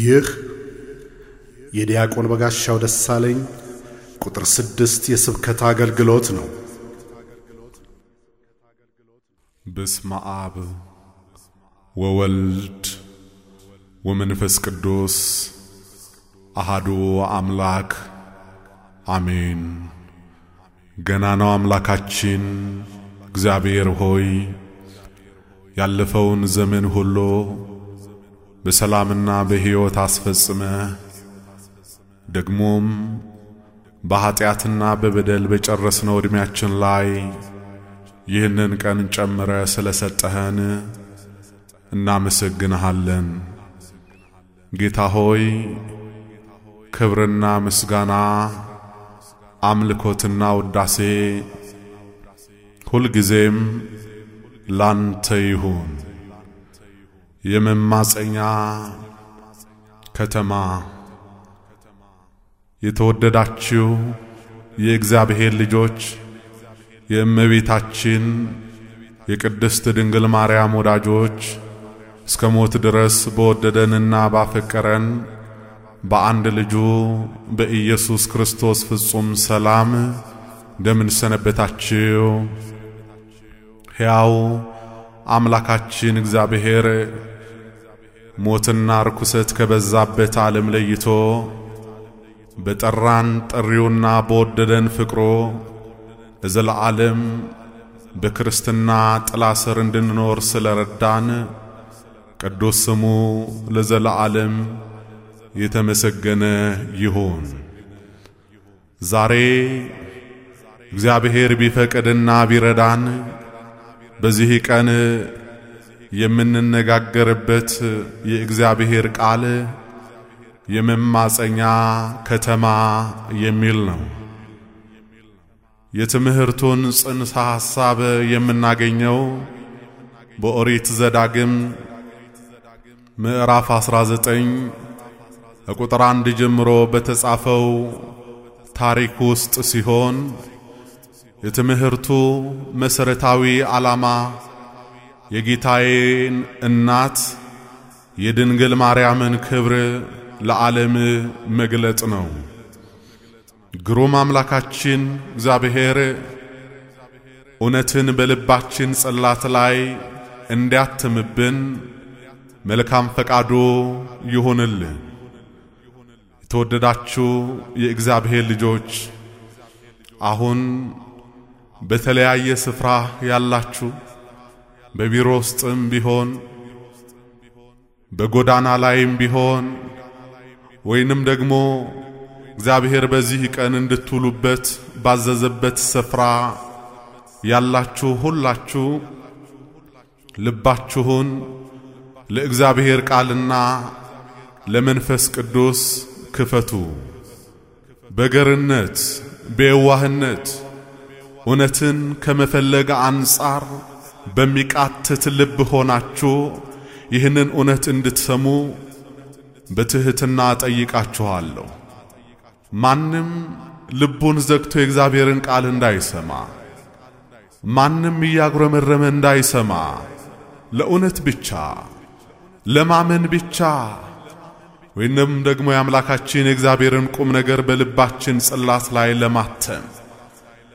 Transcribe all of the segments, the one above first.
ይህ የዲያቆን በጋሻው ደሳለኝ ቁጥር ስድስት የስብከት አገልግሎት ነው። በስመ አብ ወወልድ ወመንፈስ ቅዱስ አሃዱ አምላክ አሜን። ገናናው አምላካችን እግዚአብሔር ሆይ ያለፈውን ዘመን ሁሉ በሰላምና በሕይወት አስፈጽመ ደግሞም በኀጢአትና በበደል በጨረስነው ዕድሜያችን ላይ ይህንን ቀን ጨምረ ስለ ሰጠኸን እናመሰግንሃለን። ጌታ ሆይ ክብርና ምስጋና አምልኮትና ውዳሴ ሁልጊዜም ላንተ ይሁን። የመማፀኛ ከተማ የተወደዳችሁ የእግዚአብሔር ልጆች የእመቤታችን የቅድስት ድንግል ማርያም ወዳጆች እስከ ሞት ድረስ በወደደንና ባፈቀረን በአንድ ልጁ በኢየሱስ ክርስቶስ ፍጹም ሰላም እንደምን ሰነበታችሁ? ሕያው አምላካችን እግዚአብሔር ሞትና ርኩሰት ከበዛበት ዓለም ለይቶ በጠራን ጥሪውና በወደደን ፍቅሮ ለዘለዓለም በክርስትና ጥላ ስር እንድንኖር ስለረዳን ቅዱስ ስሙ ለዘለዓለም የተመሰገነ ይሁን። ዛሬ እግዚአብሔር ቢፈቅድና ቢረዳን በዚህ ቀን የምንነጋገርበት የእግዚአብሔር ቃል የመማፀኛ ከተማ የሚል ነው። የትምህርቱን ጽንሰ ሐሳብ የምናገኘው በኦሪት ዘዳግም ምዕራፍ 19 ቁጥር 1 ጀምሮ በተጻፈው ታሪክ ውስጥ ሲሆን የትምህርቱ መሠረታዊ ዓላማ የጌታዬን እናት የድንግል ማርያምን ክብር ለዓለም መግለጥ ነው። ግሩም አምላካችን እግዚአብሔር እውነትን በልባችን ጽላት ላይ እንዲያትምብን መልካም ፈቃዶ ይሁንልን። የተወደዳችሁ የእግዚአብሔር ልጆች አሁን በተለያየ ስፍራ ያላችሁ በቢሮ ውስጥም ቢሆን በጎዳና ላይም ቢሆን ወይንም ደግሞ እግዚአብሔር በዚህ ቀን እንድትውሉበት ባዘዘበት ስፍራ ያላችሁ ሁላችሁ ልባችሁን ለእግዚአብሔር ቃልና ለመንፈስ ቅዱስ ክፈቱ። በገርነት በየዋህነት እውነትን ከመፈለግ አንጻር በሚቃትት ልብ ሆናችሁ ይህንን እውነት እንድትሰሙ በትሕትና ጠይቃችኋለሁ። ማንም ልቡን ዘግቶ የእግዚአብሔርን ቃል እንዳይሰማ፣ ማንም እያጉረመረመ እንዳይሰማ፣ ለእውነት ብቻ ለማመን ብቻ ወይንም ደግሞ የአምላካችን የእግዚአብሔርን ቁም ነገር በልባችን ጽላት ላይ ለማተም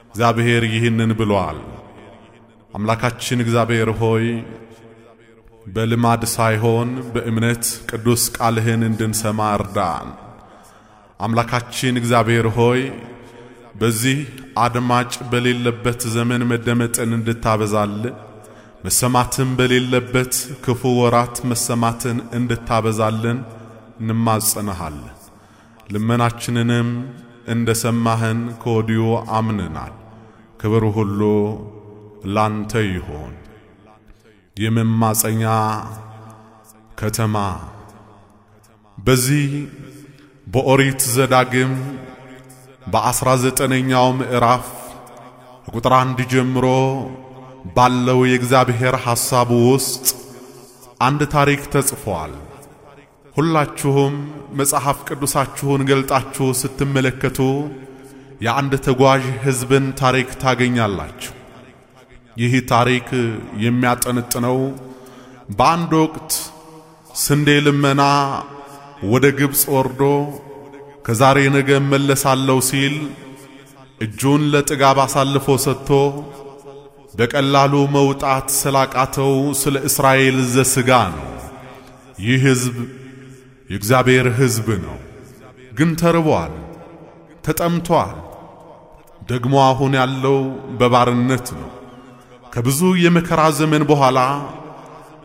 እግዚአብሔር ይህንን ብሏል። አምላካችን እግዚአብሔር ሆይ በልማድ ሳይሆን በእምነት ቅዱስ ቃልህን እንድንሰማ እርዳን። አምላካችን እግዚአብሔር ሆይ በዚህ አድማጭ በሌለበት ዘመን መደመጥን እንድታበዛልን መሰማትን በሌለበት ክፉ ወራት መሰማትን እንድታበዛልን እንማጽንሃለን። ልመናችንንም እንደ ሰማህን ከወዲሁ አምንናል። ክብር ሁሉ ላንተ ይሆን። የመማፀኛ ከተማ በዚህ በኦሪት ዘዳግም በአስራ ዘጠነኛው ምዕራፍ ቁጥር አንድ ጀምሮ ባለው የእግዚአብሔር ሐሳብ ውስጥ አንድ ታሪክ ተጽፏል። ሁላችሁም መጽሐፍ ቅዱሳችሁን ገልጣችሁ ስትመለከቱ የአንድ ተጓዥ ሕዝብን ታሪክ ታገኛላችሁ። ይህ ታሪክ የሚያጠነጥነው በአንድ ወቅት ስንዴ ልመና ወደ ግብፅ ወርዶ ከዛሬ ነገ እመለሳለሁ ሲል እጁን ለጥጋብ አሳልፎ ሰጥቶ በቀላሉ መውጣት ስላቃተው ስለ እስራኤል ዘሥጋ ነው። ይህ ሕዝብ የእግዚአብሔር ሕዝብ ነው፣ ግን ተርቧል፣ ተጠምቷል። ደግሞ አሁን ያለው በባርነት ነው። ከብዙ የመከራ ዘመን በኋላ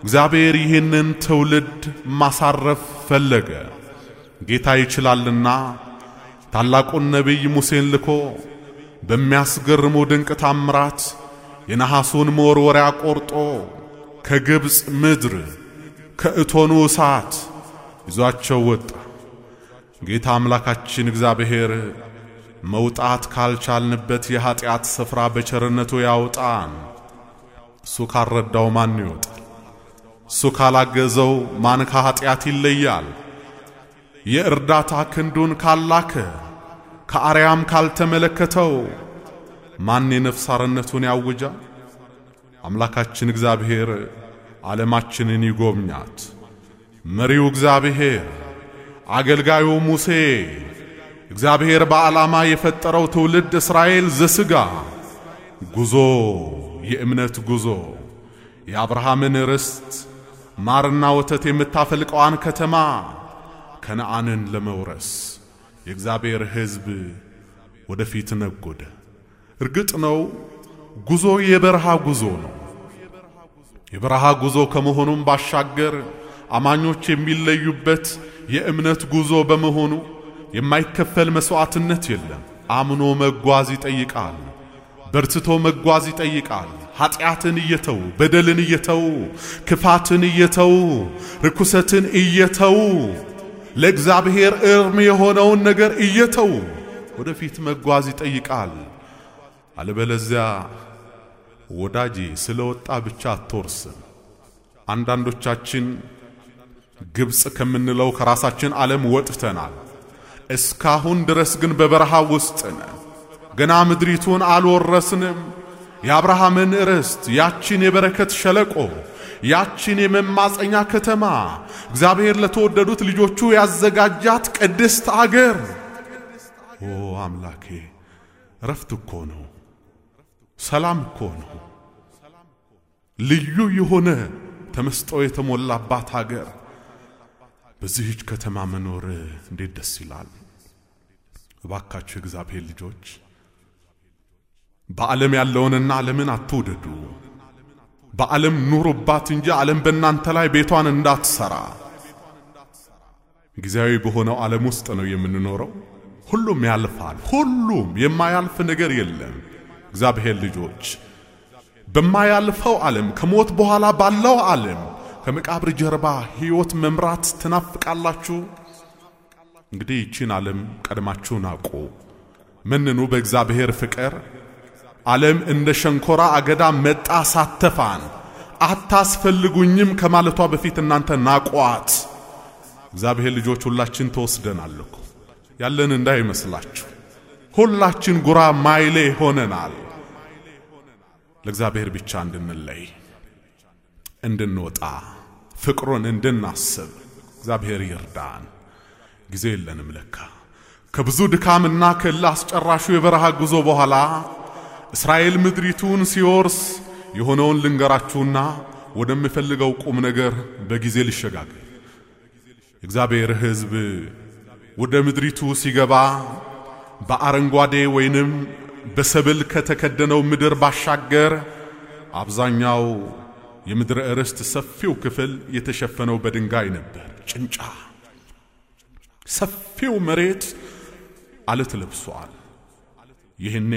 እግዚአብሔር ይህንን ትውልድ ማሳረፍ ፈለገ። ጌታ ይችላልና ታላቁን ነቢይ ሙሴን ልኮ በሚያስገርሙ ድንቅ ታምራት የነሐሱን መወርወሪያ ቆርጦ ከግብፅ ምድር ከእቶኑ እሳት ይዟቸው ወጣ። ጌታ አምላካችን እግዚአብሔር መውጣት ካልቻልንበት የኀጢአት ስፍራ በቸርነቱ ያውጣን። እሱ ካልረዳው ማን ይወጣል? እሱ ካላገዘው ማን ከኀጢአት ይለያል? የእርዳታ ክንዱን ካላከ ከአርያም ካልተመለከተው ማን የነፍስ አርነቱን ያውጃል? አምላካችን እግዚአብሔር ዓለማችንን ይጎብኛት። መሪው እግዚአብሔር፣ አገልጋዩ ሙሴ፣ እግዚአብሔር በዓላማ የፈጠረው ትውልድ እስራኤል ዘሥጋ ጉዞ የእምነት ጉዞ የአብርሃምን ርስት ማርና ወተት የምታፈልቀዋን ከተማ ከነአንን ለመውረስ የእግዚአብሔር ሕዝብ ወደፊት ነጎደ። እርግጥ ነው ጉዞ የበረሃ ጉዞ ነው። የበረሃ ጉዞ ከመሆኑም ባሻገር አማኞች የሚለዩበት የእምነት ጉዞ በመሆኑ የማይከፈል መስዋዕትነት የለም። አምኖ መጓዝ ይጠይቃል። በርትቶ መጓዝ ይጠይቃል። ኃጢአትን እየተው በደልን እየተው ክፋትን እየተው ርኩሰትን እየተው ለእግዚአብሔር እርም የሆነውን ነገር እየተው ወደፊት መጓዝ ይጠይቃል። አለበለዚያ ወዳጄ ስለ ወጣ ብቻ አትወርስም። አንዳንዶቻችን ግብፅ ከምንለው ከራሳችን ዓለም ወጥተናል። እስካሁን ድረስ ግን በበረሃ ውስጥ ነን። ገና ምድሪቱን አልወረስንም። የአብርሃምን ርስት ያቺን የበረከት ሸለቆ ያቺን የመማፀኛ ከተማ እግዚአብሔር ለተወደዱት ልጆቹ ያዘጋጃት ቅድስት አገር ኦ አምላኬ፣ ረፍት እኮ ነው፣ ሰላም እኮ ነው፣ ልዩ የሆነ ተመስጦ የተሞላባት አገር። በዚህች ከተማ መኖር እንዴት ደስ ይላል! እባካችሁ እግዚአብሔር ልጆች በዓለም ያለውንና ዓለምን አትውደዱ። በዓለም ኑሩባት እንጂ ዓለም በእናንተ ላይ ቤቷን እንዳትሰራ። ጊዜያዊ በሆነው ዓለም ውስጥ ነው የምንኖረው። ሁሉም ያልፋል። ሁሉም የማያልፍ ነገር የለም። እግዚአብሔር ልጆች በማያልፈው ዓለም ከሞት በኋላ ባለው ዓለም ከመቃብር ጀርባ ሕይወት መምራት ትናፍቃላችሁ። እንግዲህ ይቺን ዓለም ቀድማችሁን አቁ፣ መንኑ በእግዚአብሔር ፍቅር ዓለም እንደ ሸንኮራ አገዳ መጣ ሳተፋን አታስፈልጉኝም ከማለቷ በፊት እናንተ ናቋት። እግዚአብሔር ልጆች ሁላችን ተወስደናል እኮ ያለን እንዳይመስላችሁ፣ ሁላችን ጉራ ማይሌ ሆነናል። ለእግዚአብሔር ብቻ እንድንለይ እንድንወጣ ፍቅሩን እንድናስብ እግዚአብሔር ይርዳን። ጊዜ የለንም ለካ ከብዙ ድካምና ከእልህ አስጨራሹ የበረሃ ጉዞ በኋላ እስራኤል ምድሪቱን ሲወርስ የሆነውን ልንገራችሁና ወደምፈልገው ቁም ነገር በጊዜ ልሸጋገር። እግዚአብሔር ሕዝብ ወደ ምድሪቱ ሲገባ በአረንጓዴ ወይንም በሰብል ከተከደነው ምድር ባሻገር አብዛኛው የምድር ርስት ሰፊው ክፍል የተሸፈነው በድንጋይ ነበር። ጭንጫ ሰፊው መሬት አለት ለብሷል። ይህኔ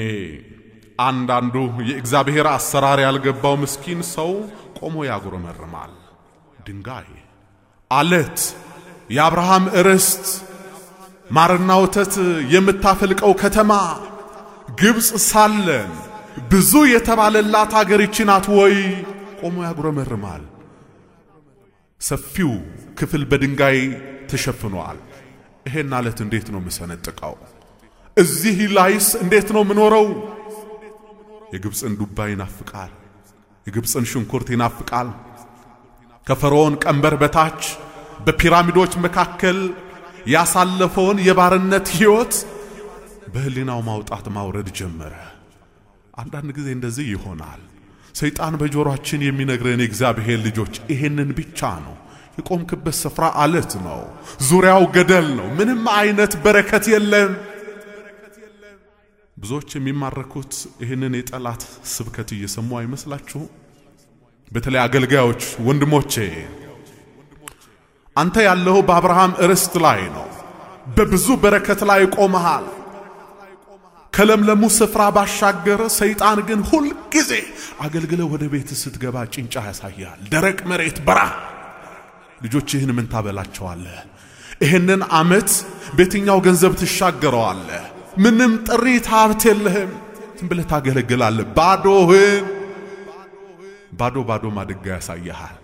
አንዳንዱ የእግዚአብሔር አሰራር ያልገባው ምስኪን ሰው ቆሞ ያጉረመርማል። ድንጋይ፣ አለት፣ የአብርሃም ርስት፣ ማርና ወተት የምታፈልቀው ከተማ ግብፅ ሳለን ብዙ የተባለላት አገር ናት ወይ? ቆሞ ያጉረመርማል። ሰፊው ክፍል በድንጋይ ተሸፍኗል። ይሄን አለት እንዴት ነው የምሰነጥቀው? እዚህ ላይስ እንዴት ነው ምኖረው? የግብፅን ዱባ ይናፍቃል፣ የግብፅን ሽንኩርት ይናፍቃል። ከፈርዖን ቀንበር በታች በፒራሚዶች መካከል ያሳለፈውን የባርነት ሕይወት በህሊናው ማውጣት ማውረድ ጀመረ። አንዳንድ ጊዜ እንደዚህ ይሆናል። ሰይጣን በጆሮአችን የሚነግረን የእግዚአብሔር ልጆች ይሄንን ብቻ ነው። የቆምክበት ስፍራ አለት ነው፣ ዙሪያው ገደል ነው፣ ምንም አይነት በረከት የለም። ብዙዎች የሚማረኩት ይህንን የጠላት ስብከት እየሰሙ አይመስላችሁ? በተለይ አገልጋዮች ወንድሞቼ፣ አንተ ያለው በአብርሃም ርስት ላይ ነው። በብዙ በረከት ላይ ቆመሃል። ከለምለሙ ስፍራ ባሻገር ሰይጣን ግን ሁል ጊዜ አገልግለ ወደ ቤት ስትገባ ጭንጫ ያሳያል። ደረቅ መሬት፣ በራ ልጆችህን ምን ታበላቸዋለህ? ይህንን ዓመት በየትኛው ገንዘብ ትሻገረዋለህ? ምንም ጥሪት ሀብት የለህም። ዝም ብለህ ታገለግላለህ። ባዶህን ባዶ ባዶ ማድጋ ያሳይሃል።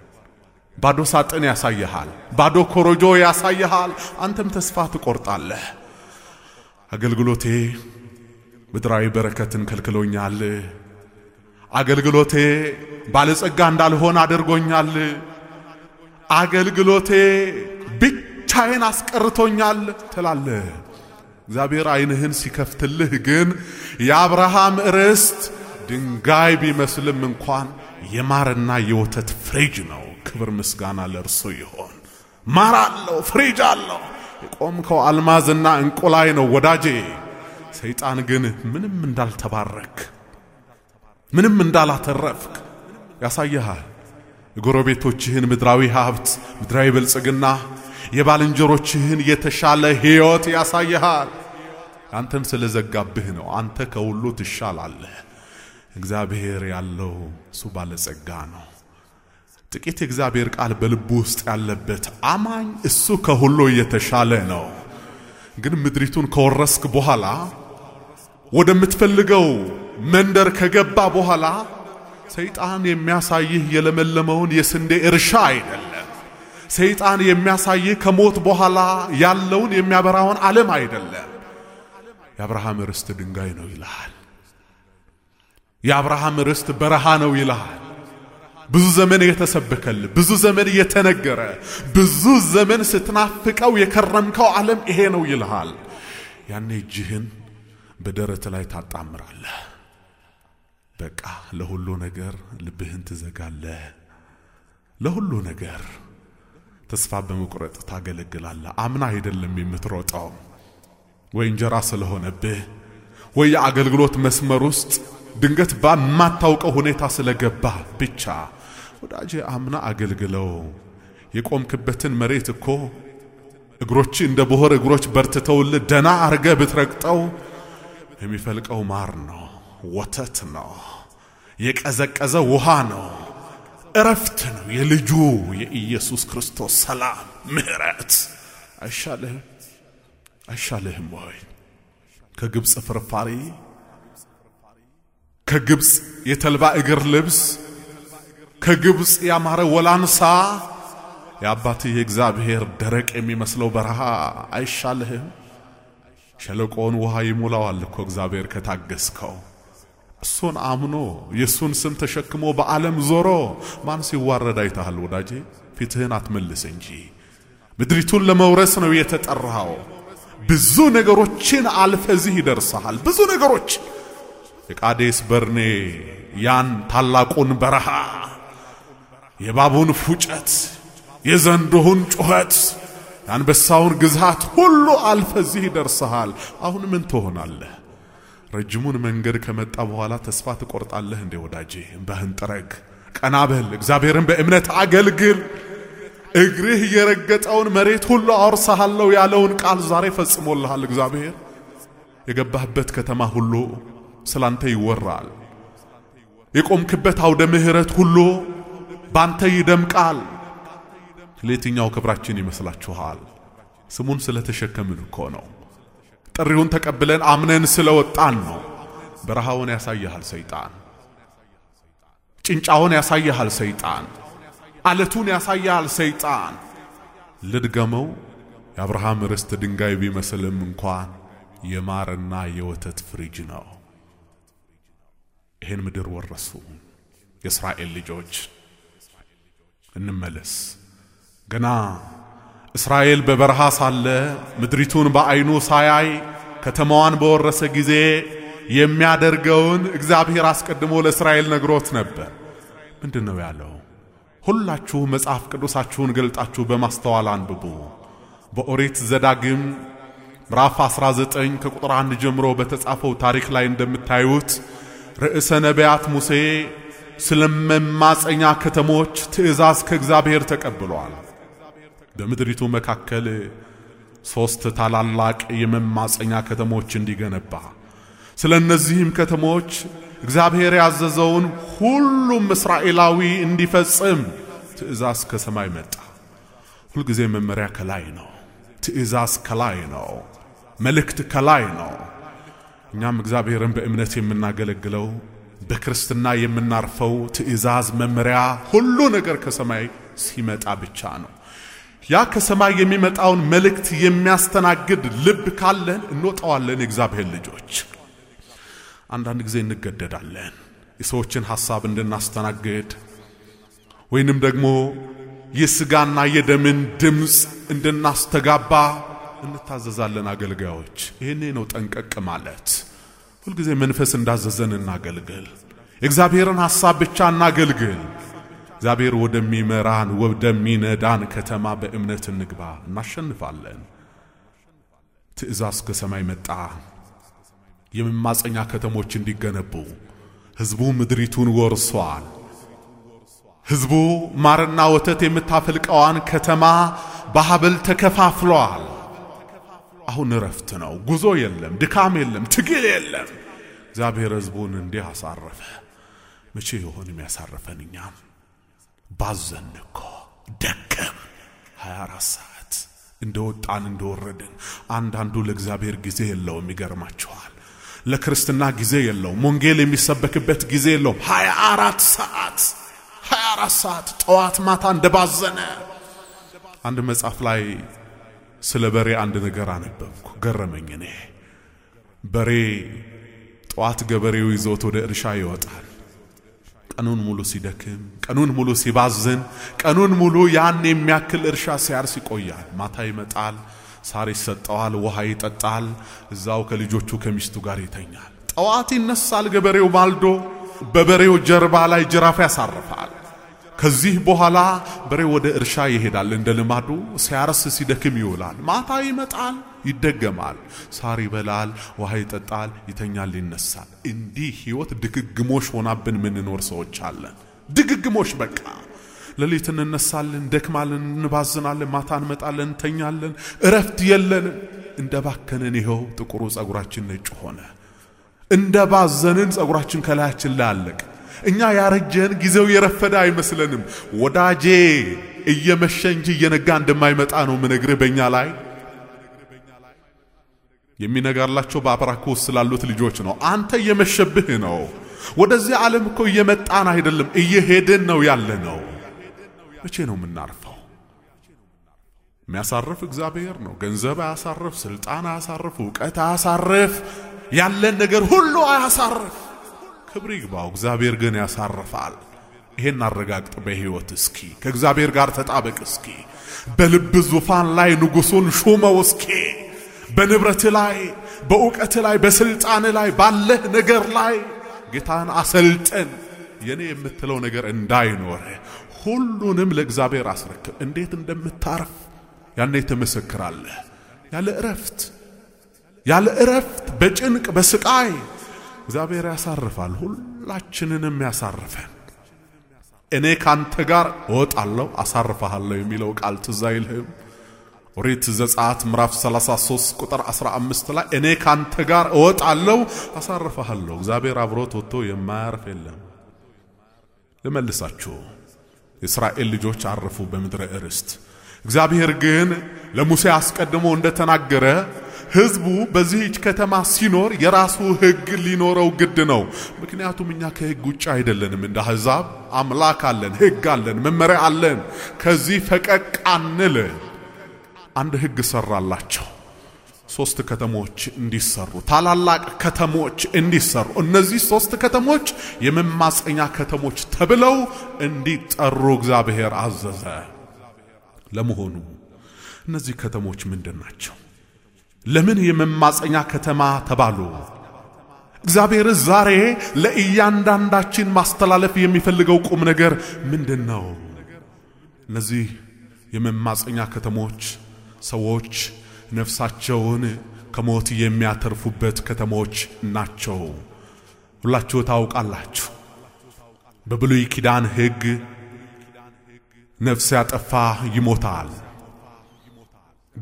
ባዶ ሳጥን ያሳይሃል። ባዶ ኮረጆ ያሳይሃል። አንተም ተስፋ ትቆርጣለህ። አገልግሎቴ ምድራዊ በረከትን ከልክሎኛል። አገልግሎቴ ባለጸጋ እንዳልሆን አድርጎኛል። አገልግሎቴ ብቻዬን አስቀርቶኛል ትላለህ። እግዚአብሔር ዓይንህን ሲከፍትልህ ግን የአብርሃም ርስት ድንጋይ ቢመስልም እንኳን የማርና የወተት ፍሪጅ ነው። ክብር ምስጋና ለእርሱ ይሆን። ማር አለው፣ ፍሪጅ አለው። የቆምከው አልማዝና እንቁ ላይ ነው ወዳጄ። ሰይጣን ግን ምንም እንዳልተባረክ ምንም እንዳላተረፍክ ያሳይሃል። የጎረቤቶችህን ምድራዊ ሀብት፣ ምድራዊ ብልጽግና፣ የባልንጀሮችህን የተሻለ ሕይወት ያሳይሃል። አንተን ስለዘጋብህ ነው። አንተ ከሁሉ ትሻላለህ። እግዚአብሔር ያለው እሱ ባለጸጋ ነው። ጥቂት የእግዚአብሔር ቃል በልቡ ውስጥ ያለበት አማኝ እሱ ከሁሉ እየተሻለ ነው። ግን ምድሪቱን ከወረስክ በኋላ ወደምትፈልገው መንደር ከገባ በኋላ ሰይጣን የሚያሳይህ የለመለመውን የስንዴ እርሻ አይደለም። ሰይጣን የሚያሳይህ ከሞት በኋላ ያለውን የሚያበራውን ዓለም አይደለም። የአብርሃም ርስት ድንጋይ ነው ይልሃል። የአብርሃም ርስት በረሃ ነው ይልሃል። ብዙ ዘመን እየተሰበከል፣ ብዙ ዘመን እየተነገረ ብዙ ዘመን ስትናፍቀው የከረምከው ዓለም ይሄ ነው ይልሃል። ያኔ እጅህን በደረት ላይ ታጣምራለህ። በቃ ለሁሉ ነገር ልብህን ትዘጋለህ። ለሁሉ ነገር ተስፋ በመቁረጥ ታገለግላለህ። አምና አይደለም የምትሮጠው ወይ እንጀራ ስለሆነብህ ወይ የአገልግሎት መስመር ውስጥ ድንገት በማታውቀው ሁኔታ ስለገባ ብቻ ወዳጅ አምና አገልግለው። የቆምክበትን መሬት እኮ እግሮች እንደ ቦሆር እግሮች በርትተውል ደና አርገ ብትረግጠው የሚፈልቀው ማር ነው፣ ወተት ነው፣ የቀዘቀዘ ውሃ ነው፣ እረፍት ነው። የልጁ የኢየሱስ ክርስቶስ ሰላም ምሕረት አይሻልህም? አይሻልህም ወይ? ከግብፅ ፍርፋሪ፣ ከግብፅ የተልባ እግር ልብስ፣ ከግብፅ ያማረ ወላንሳ፣ የአባትህ የእግዚአብሔር ደረቅ የሚመስለው በረሃ አይሻልህም? ሸለቆውን ውሃ ይሞላዋል እኮ እግዚአብሔር ከታገስከው። እሱን አምኖ የእሱን ስም ተሸክሞ በዓለም ዞሮ ማን ሲዋረድ አይተሃል? ወዳጄ ፊትህን አትመልስ እንጂ ምድሪቱን ለመውረስ ነው የተጠራኸው። ብዙ ነገሮችን አልፈ እዚህ ይደርሰሃል። ብዙ ነገሮች የቃዴስ በርኔ ያን ታላቁን በረሃ የባቡን ፉጨት፣ የዘንዶሁን ጩኸት፣ የአንበሳውን ግዛት ሁሉ አልፈ እዚህ ይደርሰሃል። አሁን ምን ትሆናለህ? ረጅሙን መንገድ ከመጣ በኋላ ተስፋ ትቆርጣለህ እንዴ? ወዳጄ እምባህን ጥረግ፣ ቀና በል፣ እግዚአብሔርን በእምነት አገልግል። እግርህ የረገጠውን መሬት ሁሉ አወርሰሃለሁ ያለውን ቃል ዛሬ ፈጽሞልሃል እግዚአብሔር። የገባህበት ከተማ ሁሉ ስላንተ ይወራል። የቆምክበት አውደ ምሕረት ሁሉ ባንተ ይደምቃል። ለየትኛው ክብራችን ይመስላችኋል? ስሙን ስለተሸከምን እኮ ነው። ጥሪውን ተቀብለን አምነን ስለወጣን ነው። በረሃውን ያሳይሃል ሰይጣን። ጭንጫውን ያሳይሃል ሰይጣን። አለቱን ያሳያል ሰይጣን። ልድገመው፣ የአብርሃም ርስት ድንጋይ ቢመስልም እንኳን የማርና የወተት ፍሪጅ ነው። ይህን ምድር ወረሱ የእስራኤል ልጆች። እንመለስ። ገና እስራኤል በበረሃ ሳለ ምድሪቱን በዐይኑ ሳያይ ከተማዋን በወረሰ ጊዜ የሚያደርገውን እግዚአብሔር አስቀድሞ ለእስራኤል ነግሮት ነበር። ምንድን ነው ያለው? ሁላችሁ መጽሐፍ ቅዱሳችሁን ገልጣችሁ በማስተዋል አንብቡ። በኦሪት ዘዳግም ምዕራፍ 19 ከቁጥር 1 ጀምሮ በተጻፈው ታሪክ ላይ እንደምታዩት ርዕሰ ነቢያት ሙሴ ስለ መማፀኛ ከተሞች ትእዛዝ ከእግዚአብሔር ተቀብሏል። በምድሪቱ መካከል ሦስት ታላላቅ የመማፀኛ ከተሞች እንዲገነባ ስለ እነዚህም ከተሞች እግዚአብሔር ያዘዘውን ሁሉም እስራኤላዊ እንዲፈጽም ትእዛዝ ከሰማይ መጣ። ሁልጊዜ መመሪያ ከላይ ነው። ትእዛዝ ከላይ ነው። መልእክት ከላይ ነው። እኛም እግዚአብሔርን በእምነት የምናገለግለው በክርስትና የምናርፈው ትእዛዝ፣ መመሪያ፣ ሁሉ ነገር ከሰማይ ሲመጣ ብቻ ነው። ያ ከሰማይ የሚመጣውን መልእክት የሚያስተናግድ ልብ ካለን እንወጣዋለን የእግዚአብሔር ልጆች አንዳንድ ጊዜ እንገደዳለን። የሰዎችን ሐሳብ እንድናስተናግድ ወይንም ደግሞ የሥጋና የደምን ድምፅ እንድናስተጋባ እንታዘዛለን አገልጋዮች። ይህኔ ነው ጠንቀቅ ማለት። ሁልጊዜ መንፈስ እንዳዘዘን እናገልግል። የእግዚአብሔርን ሐሳብ ብቻ እናገልግል። እግዚአብሔር ወደሚመራን ወደሚነዳን ከተማ በእምነት እንግባ። እናሸንፋለን። ትእዛዝ ከሰማይ መጣ። የመማፀኛ ከተሞች እንዲገነቡ ሕዝቡ ምድሪቱን ወርሷል። ሕዝቡ ማርና ወተት የምታፈልቀዋን ከተማ በሀብል ተከፋፍሏል። አሁን እረፍት ነው። ጉዞ የለም፣ ድካም የለም፣ ትግል የለም። እግዚአብሔር ሕዝቡን እንዲህ አሳረፈ። መቼ ይሆን የሚያሳርፈን? እኛም ባዘን ደከም 24 ሰዓት እንደወጣን እንደወረድን። አንዳንዱ ለእግዚአብሔር ጊዜ የለውም። ይገርማችኋል። ለክርስትና ጊዜ የለውም። ወንጌል የሚሰበክበት ጊዜ የለውም። 24 ሰዓት 24 ሰዓት ጠዋት ማታ እንደባዘነ። አንድ መጽሐፍ ላይ ስለ በሬ አንድ ነገር አነበብኩ፣ ገረመኝ። እኔ በሬ ጠዋት ገበሬው ይዞት ወደ እርሻ ይወጣል። ቀኑን ሙሉ ሲደክም፣ ቀኑን ሙሉ ሲባዝን፣ ቀኑን ሙሉ ያን የሚያክል እርሻ ሲያርስ ይቆያል። ማታ ይመጣል። ሳር ይሰጠዋል፣ ውሃ ይጠጣል፣ እዛው ከልጆቹ ከሚስቱ ጋር ይተኛል። ጠዋት ይነሳል ገበሬው ማልዶ በበሬው ጀርባ ላይ ጅራፍ ያሳርፋል። ከዚህ በኋላ በሬው ወደ እርሻ ይሄዳል። እንደ ልማዱ ሲያርስ ሲደክም ይውላል። ማታ ይመጣል፣ ይደገማል። ሳር ይበላል፣ ውሃ ይጠጣል፣ ይተኛል፣ ይነሳል። እንዲህ ሕይወት ድግግሞሽ ሆናብን ምንኖር ሰዎች አለን። ድግግሞሽ በቃ ሌሊት እንነሳለን፣ ደክማለን፣ እንባዝናለን፣ ማታ እንመጣለን፣ እንተኛለን፣ እረፍት የለንም። እንደ ባከንን ይኸው ጥቁሩ ጸጉራችን ነጭ ሆነ። እንደ ባዘንን ጸጉራችን ከላያችን ላለቅ። እኛ ያረጀን ጊዜው የረፈደ አይመስለንም። ወዳጄ እየመሸ እንጂ እየነጋ እንደማይመጣ ነው ምነግርህ። በእኛ ላይ የሚነጋላቸው በአብራክ ውስጥ ስላሉት ልጆች ነው። አንተ እየመሸብህ ነው። ወደዚህ ዓለም እኮ እየመጣን አይደለም፣ እየሄድን ነው ያለ ነው። መቼ ነው የምናርፈው? የሚያሳርፍ እግዚአብሔር ነው። ገንዘብ አያሳርፍ፣ ስልጣን አያሳርፍ፣ እውቀት አያሳርፍ፣ ያለን ነገር ሁሉ አያሳርፍ። ክብር ይግባው። እግዚአብሔር ግን ያሳርፋል። ይሄን አረጋግጥ በህይወት እስኪ። ከእግዚአብሔር ጋር ተጣበቅ እስኪ። በልብ ዙፋን ላይ ንጉሱን ሹመው እስኪ። በንብረት ላይ፣ በእውቀት ላይ፣ በስልጣን ላይ፣ ባለህ ነገር ላይ ጌታን አሰልጠን የኔ የምትለው ነገር እንዳይኖርህ ሁሉንም ለእግዚአብሔር አስረክብ። እንዴት እንደምታርፍ ያኔ ትመሰክራለህ። ያለ እረፍት ያለ እረፍት በጭንቅ በስቃይ እግዚአብሔር ያሳርፋል። ሁላችንንም ያሳርፈን። እኔ ካንተ ጋር እወጣለሁ አሳርፈሃለሁ የሚለው ቃል ትዝ አይልህም? ኦሪት ዘጸአት ምዕራፍ 33 ቁጥር 15 ላይ እኔ ካንተ ጋር እወጣለሁ አሳርፈሃለሁ። እግዚአብሔር አብሮት ወጥቶ የማያርፍ የለም። ልመልሳችሁ የእስራኤል ልጆች አረፉ በምድረ እርስት። እግዚአብሔር ግን ለሙሴ አስቀድሞ እንደተናገረ ሕዝቡ በዚህች ከተማ ሲኖር የራሱ ሕግ ሊኖረው ግድ ነው። ምክንያቱም እኛ ከሕግ ውጭ አይደለንም። እንደ አሕዛብ አምላክ አለን፣ ሕግ አለን፣ መመሪያ አለን። ከዚህ ፈቀቅ አንል። አንድ ሕግ ሰራላቸው። ሶስት ከተሞች እንዲሰሩ ታላላቅ ከተሞች እንዲሰሩ እነዚህ ሶስት ከተሞች የመማፀኛ ከተሞች ተብለው እንዲጠሩ እግዚአብሔር አዘዘ። ለመሆኑ እነዚህ ከተሞች ምንድን ናቸው? ለምን የመማፀኛ ከተማ ተባሉ? እግዚአብሔር ዛሬ ለእያንዳንዳችን ማስተላለፍ የሚፈልገው ቁም ነገር ምንድን ነው? እነዚህ የመማፀኛ ከተሞች ሰዎች ነፍሳቸውን ከሞት የሚያተርፉበት ከተሞች ናቸው። ሁላችሁ ታውቃላችሁ። በብሉይ ኪዳን ሕግ ነፍስ ያጠፋ ይሞታል፣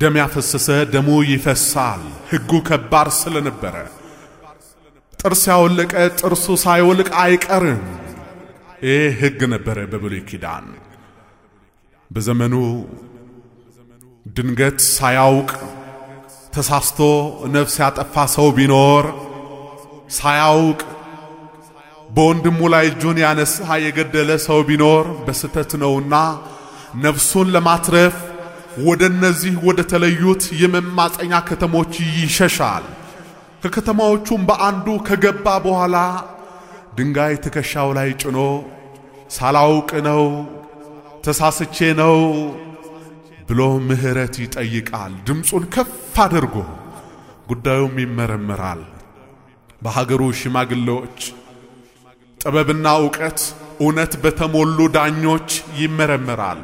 ደም ያፈሰሰ ደሙ ይፈሳል። ሕጉ ከባድ ስለነበረ ጥርስ ያወለቀ ጥርሱ ሳይወልቅ አይቀርም። ይህ ሕግ ነበረ በብሉይ ኪዳን። በዘመኑ ድንገት ሳያውቅ ተሳስቶ ነፍስ ያጠፋ ሰው ቢኖር ሳያውቅ በወንድሙ ላይ እጁን ያነሳ የገደለ ሰው ቢኖር በስተት ነውና ነፍሱን ለማትረፍ ወደ እነዚህ ወደ ተለዩት የመማፀኛ ከተሞች ይሸሻል። ከከተማዎቹም በአንዱ ከገባ በኋላ ድንጋይ ትከሻው ላይ ጭኖ ሳላውቅ ነው ተሳስቼ ነው ብሎ ምሕረት ይጠይቃል። ድምፁን ከፍ አድርጎ ጉዳዩም ይመረመራል። በሀገሩ ሽማግሌዎች ጥበብና እውቀት፣ እውነት በተሞሉ ዳኞች ይመረመራል።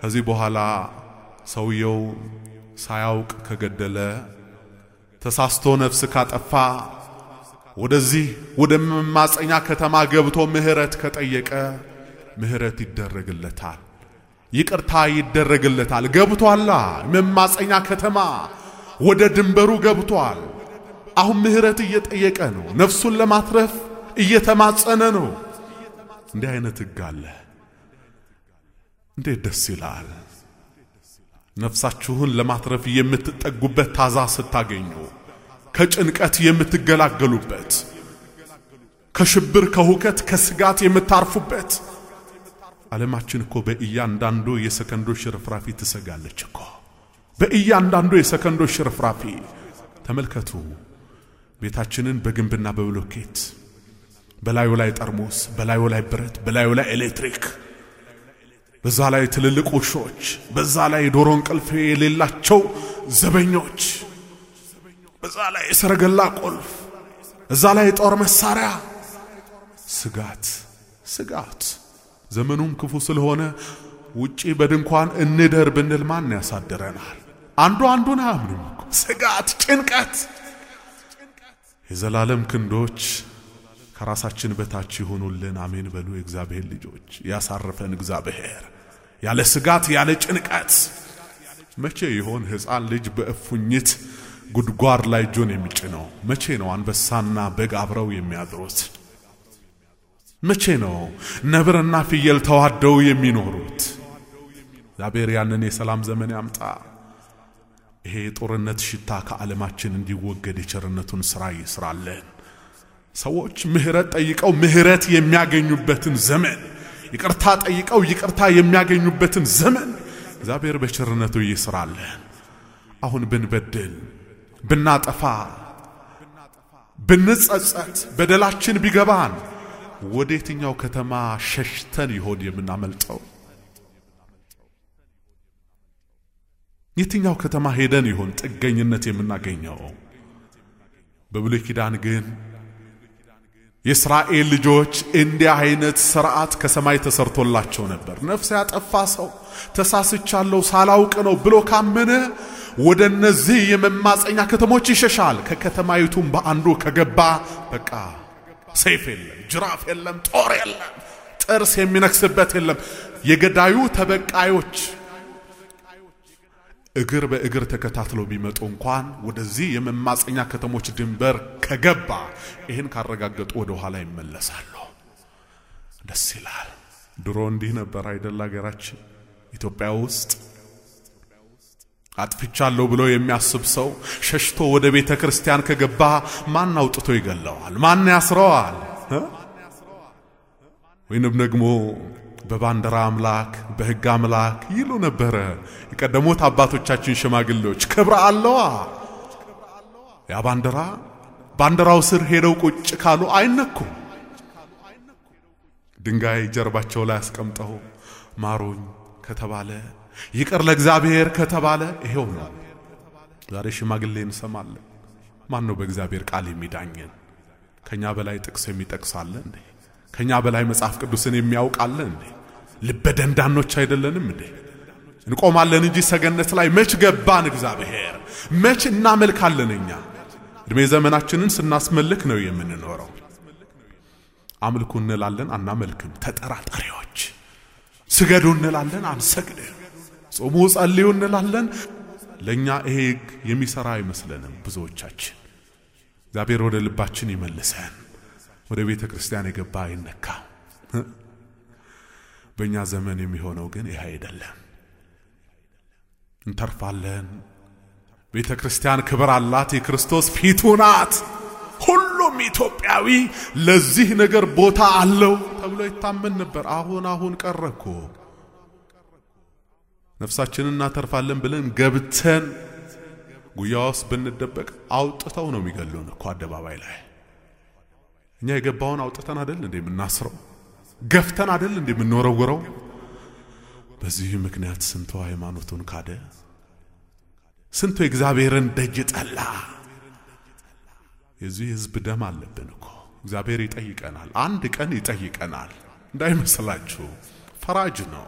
ከዚህ በኋላ ሰውየው ሳያውቅ ከገደለ ተሳስቶ ነፍስ ካጠፋ ወደዚህ ወደ መማፀኛ ከተማ ገብቶ ምሕረት ከጠየቀ ምሕረት ይደረግለታል። ይቅርታ ይደረግለታል። ገብቷላ መማፀኛ ከተማ ወደ ድንበሩ ገብቷል። አሁን ምህረት እየጠየቀ ነው። ነፍሱን ለማትረፍ እየተማጸነ ነው። እንዲህ አይነት ህግ አለ። እንዴት ደስ ይላል! ነፍሳችሁን ለማትረፍ የምትጠጉበት ታዛ ስታገኙ፣ ከጭንቀት የምትገላገሉበት፣ ከሽብር፣ ከሁከት፣ ከስጋት የምታርፉበት ዓለማችን እኮ በእያንዳንዱ የሰከንዶች ሽርፍራፊ ትሰጋለች እኮ በእያንዳንዱ የሰከንዶች ሽርፍራፊ። ተመልከቱ ቤታችንን በግንብና በብሎኬት በላዩ ላይ ጠርሙስ፣ በላዩ ላይ ብረት፣ በላዩ ላይ ኤሌክትሪክ፣ በዛ ላይ ትልልቅ ውሾች፣ በዛ ላይ ዶሮ እንቅልፍ የሌላቸው ዘበኞች፣ በዛ ላይ የሰረገላ ቁልፍ፣ እዛ ላይ ጦር መሳሪያ ስጋት ስጋት ዘመኑም ክፉ ስለሆነ ውጪ በድንኳን እንደር ብንል ማን ያሳድረናል? አንዱ አንዱን አያምንም እኮ ስጋት፣ ጭንቀት። የዘላለም ክንዶች ከራሳችን በታች ይሆኑልን። አሜን በሉ የእግዚአብሔር ልጆች። ያሳረፈን እግዚአብሔር ያለ ስጋት ያለ ጭንቀት። መቼ ይሆን ሕፃን ልጅ በእፉኝት ጉድጓድ ላይ እጁን የሚጭነው? መቼ ነው አንበሳና በግ አብረው የሚያድሩት? መቼ ነው ነብርና ፍየል ተዋደው የሚኖሩት? እግዚአብሔር ያንን የሰላም ዘመን ያምጣ። ይሄ የጦርነት ሽታ ከዓለማችን እንዲወገድ የቸርነቱን ሥራ ይስራለን። ሰዎች ምህረት ጠይቀው ምህረት የሚያገኙበትን ዘመን፣ ይቅርታ ጠይቀው ይቅርታ የሚያገኙበትን ዘመን እግዚአብሔር በቸርነቱ ይስራለን። አሁን ብንበድል፣ ብናጠፋ፣ ብንጸጸት፣ በደላችን ቢገባን ወደ የትኛው ከተማ ሸሽተን ይሆን የምናመልጠው? የትኛው ከተማ ሄደን ይሆን ጥገኝነት የምናገኘው? በብሉይ ኪዳን ግን የእስራኤል ልጆች እንዲህ አይነት ስርዓት ከሰማይ ተሰርቶላቸው ነበር። ነፍስ ያጠፋ ሰው ተሳስቻለሁ ሳላውቅ ነው ብሎ ካመነ ወደ እነዚህ የመማፀኛ ከተሞች ይሸሻል። ከከተማይቱም በአንዱ ከገባ በቃ ሰይፍ የለም፣ ጅራፍ የለም፣ ጦር የለም፣ ጥርስ የሚነክስበት የለም። የገዳዩ ተበቃዮች እግር በእግር ተከታትለው ቢመጡ እንኳን ወደዚህ የመማፀኛ ከተሞች ድንበር ከገባ ይህን ካረጋገጡ ወደ ኋላ ይመለሳሉ። ደስ ይላል። ድሮ እንዲህ ነበር አይደል? ሀገራችን ኢትዮጵያ ውስጥ አጥፍቻለሁ ብሎ የሚያስብ ሰው ሸሽቶ ወደ ቤተ ክርስቲያን ከገባ ማን አውጥቶ ይገለዋል? ማን ያስረዋል? ወይንም ደግሞ በባንዲራ አምላክ በሕግ አምላክ ይሉ ነበረ የቀደሙት አባቶቻችን ሽማግሌዎች። ክብር አለዋ ያ ባንዲራ። ባንዲራው ስር ሄደው ቁጭ ካሉ አይነኩም። ድንጋይ ጀርባቸው ላይ አስቀምጠው ማሩኝ ከተባለ ይቅር ለእግዚአብሔር ከተባለ ይሄው ነው። ዛሬ ሽማግሌ እንሰማለን። ማን ነው በእግዚአብሔር ቃል የሚዳኘን? ከኛ በላይ ጥቅስ የሚጠቅሳለ እንዴ? ከእኛ በላይ መጽሐፍ ቅዱስን የሚያውቃለ እንዴ? ልበ ደንዳኖች አይደለንም እንዴ? እንቆማለን እንጂ ሰገነት ላይ መች ገባን? እግዚአብሔር መች እናመልካለን? እኛ እድሜ ዘመናችንን ስናስመልክ ነው የምንኖረው። አምልኩ እንላለን፣ አናመልክም። ተጠራጣሪዎች ስገዱ እንላለን፣ አንሰግድም። ጾሙ ጸልዩ እንላለን። ለእኛ ይሄ ሕግ የሚሠራ አይመስለንም ብዙዎቻችን። እግዚአብሔር ወደ ልባችን ይመልሰን። ወደ ቤተ ክርስቲያን የገባ አይነካ። በእኛ ዘመን የሚሆነው ግን ይህ አይደለም። እንተርፋለን። ቤተ ክርስቲያን ክብር አላት። የክርስቶስ ፊቱ ናት። ሁሉም ኢትዮጵያዊ ለዚህ ነገር ቦታ አለው ተብሎ ይታመን ነበር። አሁን አሁን ቀረኮ። ነፍሳችንን እናተርፋለን ብለን ገብተን ጉያ ውስጥ ብንደበቅ አውጥተው ነው የሚገሉን እኮ አደባባይ ላይ። እኛ የገባውን አውጥተን አደል እንዴ የምናስረው? ገፍተን አደል እንዴ የምንወረውረው? በዚህ ምክንያት ስንቶ ሃይማኖቱን ካደ፣ ስንቶ እግዚአብሔርን ደጅ ጠላ። የዚህ ህዝብ ደም አለብን እኮ እግዚአብሔር ይጠይቀናል። አንድ ቀን ይጠይቀናል እንዳይመስላችሁ፣ ፈራጅ ነው።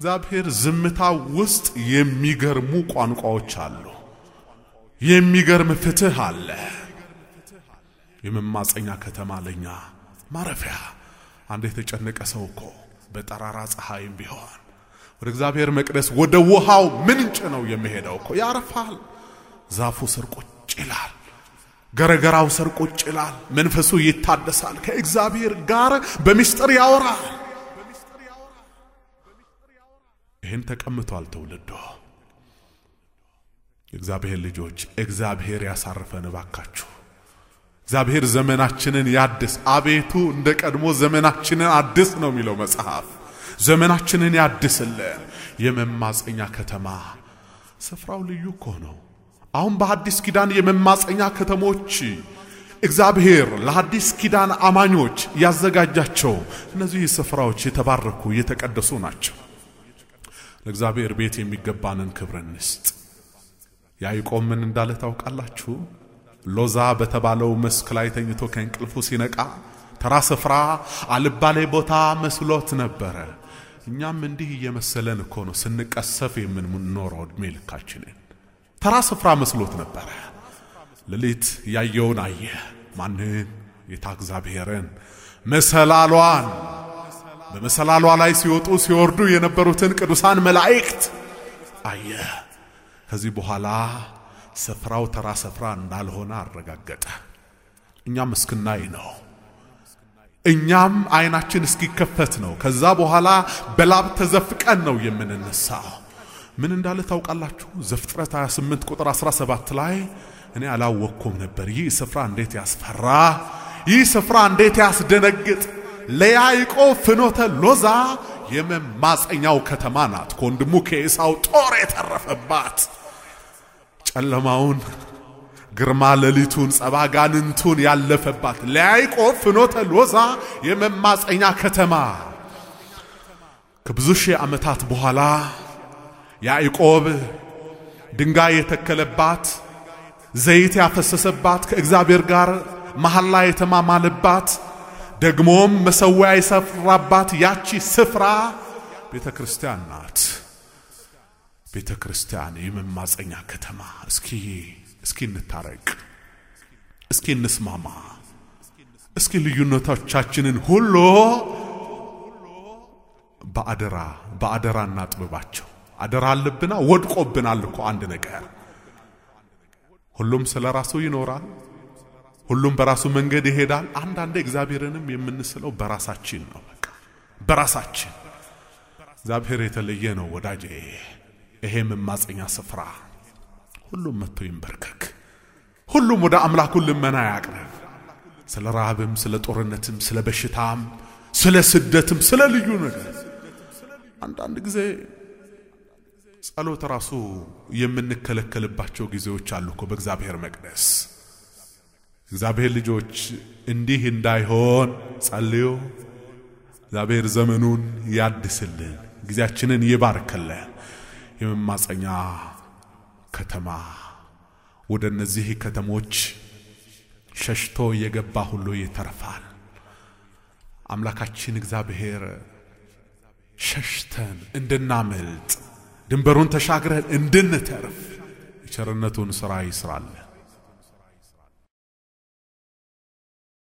እግዚአብሔር ዝምታ ውስጥ የሚገርሙ ቋንቋዎች አሉ። የሚገርም ፍትህ አለ። የመማፀኛ ከተማ ለኛ ማረፊያ። አንድ የተጨነቀ ሰው እኮ በጠራራ ፀሐይም ቢሆን ወደ እግዚአብሔር መቅደስ ወደ ውሃው ምንጭ ነው የሚሄደው እኮ ያርፋል። ዛፉ ስር ቁጭ ይላል። ገረገራው ስር ቁጭ ይላል። መንፈሱ ይታደሳል። ከእግዚአብሔር ጋር በምስጢር ያወራል። ይህን ተቀምቷል ትውልዶ። የእግዚአብሔር ልጆች እግዚአብሔር ያሳርፈን እባካችሁ። እግዚአብሔር ዘመናችንን ያድስ። አቤቱ እንደ ቀድሞ ዘመናችንን አድስ ነው የሚለው መጽሐፍ። ዘመናችንን ያድስልን። የመማፀኛ ከተማ ስፍራው ልዩ እኮ ነው። አሁን በአዲስ ኪዳን የመማፀኛ ከተሞች እግዚአብሔር ለአዲስ ኪዳን አማኞች ያዘጋጃቸው እነዚህ ስፍራዎች የተባረኩ የተቀደሱ ናቸው። ለእግዚአብሔር ቤት የሚገባንን ክብር እንስጥ። ያዕቆብ ምን እንዳለ ታውቃላችሁ? ሎዛ በተባለው መስክ ላይ ተኝቶ ከእንቅልፉ ሲነቃ ተራ ስፍራ፣ አልባሌ ቦታ መስሎት ነበረ። እኛም እንዲህ እየመሰለን እኮ ነው ስንቀሰፍ የምንኖረው ዕድሜ ልካችንን። ተራ ስፍራ መስሎት ነበረ። ሌሊት ያየውን አየ። ማንን? ጌታ እግዚአብሔርን መሰላሏን በመሰላሏ ላይ ሲወጡ ሲወርዱ የነበሩትን ቅዱሳን መላእክት አየ። ከዚህ በኋላ ስፍራው ተራ ስፍራ እንዳልሆነ አረጋገጠ። እኛም እስክናይ ነው። እኛም አይናችን እስኪከፈት ነው። ከዛ በኋላ በላብ ተዘፍቀን ነው የምንነሳው። ምን እንዳለ ታውቃላችሁ? ዘፍጥረት 28 ቁጥር 17 ላይ እኔ አላወቅኩም ነበር፣ ይህ ስፍራ እንዴት ያስፈራ፣ ይህ ስፍራ እንዴት ያስደነግጥ ለያዕቆብ ፍኖተ ሎዛ የመማፀኛው ከተማ ናት። ከወንድሙ ከኤሳው ጦር የተረፈባት ጨለማውን፣ ግርማ ሌሊቱን፣ ጸባጋንንቱን ያለፈባት ለያዕቆብ ፍኖተ ሎዛ የመማፀኛ ከተማ ከብዙ ሺህ ዓመታት በኋላ ያዕቆብ ድንጋይ የተከለባት ዘይት ያፈሰሰባት ከእግዚአብሔር ጋር መሐላ የተማማለባት ደግሞም መሠዊያ የሰራባት ያቺ ስፍራ ቤተ ክርስቲያን ናት። ቤተ ክርስቲያን የመማፀኛ ከተማ። እስኪ እስኪ እንታረቅ፣ እስኪ እንስማማ፣ እስኪ ልዩነቶቻችንን ሁሉ በአደራ በአደራ እናጥብባቸው። አደራ አለብና ወድቆብናል እኮ አንድ ነገር። ሁሉም ስለ ራሱ ይኖራል። ሁሉም በራሱ መንገድ ይሄዳል። አንዳንዴ እግዚአብሔርንም የምንስለው በራሳችን ነው። በቃ በራሳችን እግዚአብሔር የተለየ ነው ወዳጄ። ይሄ መማፀኛ ስፍራ ሁሉም መጥቶ ይንበርከክ። ሁሉም ወደ አምላኩ ልመና ያቅርብ። ስለ ረሃብም፣ ስለ ጦርነትም፣ ስለ በሽታም፣ ስለ ስደትም፣ ስለ ልዩ ነገር አንዳንድ ጊዜ ጸሎት ራሱ የምንከለከልባቸው ጊዜዎች አሉ እኮ በእግዚአብሔር መቅደስ እግዚአብሔር ልጆች እንዲህ እንዳይሆን ጸልዩ። እግዚአብሔር ዘመኑን ያድስልን፣ ጊዜያችንን ይባርክልን። የመማፀኛ ከተማ ወደ እነዚህ ከተሞች ሸሽቶ የገባ ሁሉ ይተርፋል። አምላካችን እግዚአብሔር ሸሽተን እንድናመልጥ ድንበሩን ተሻግረን እንድንተርፍ የቸርነቱን ሥራ ይስራለን።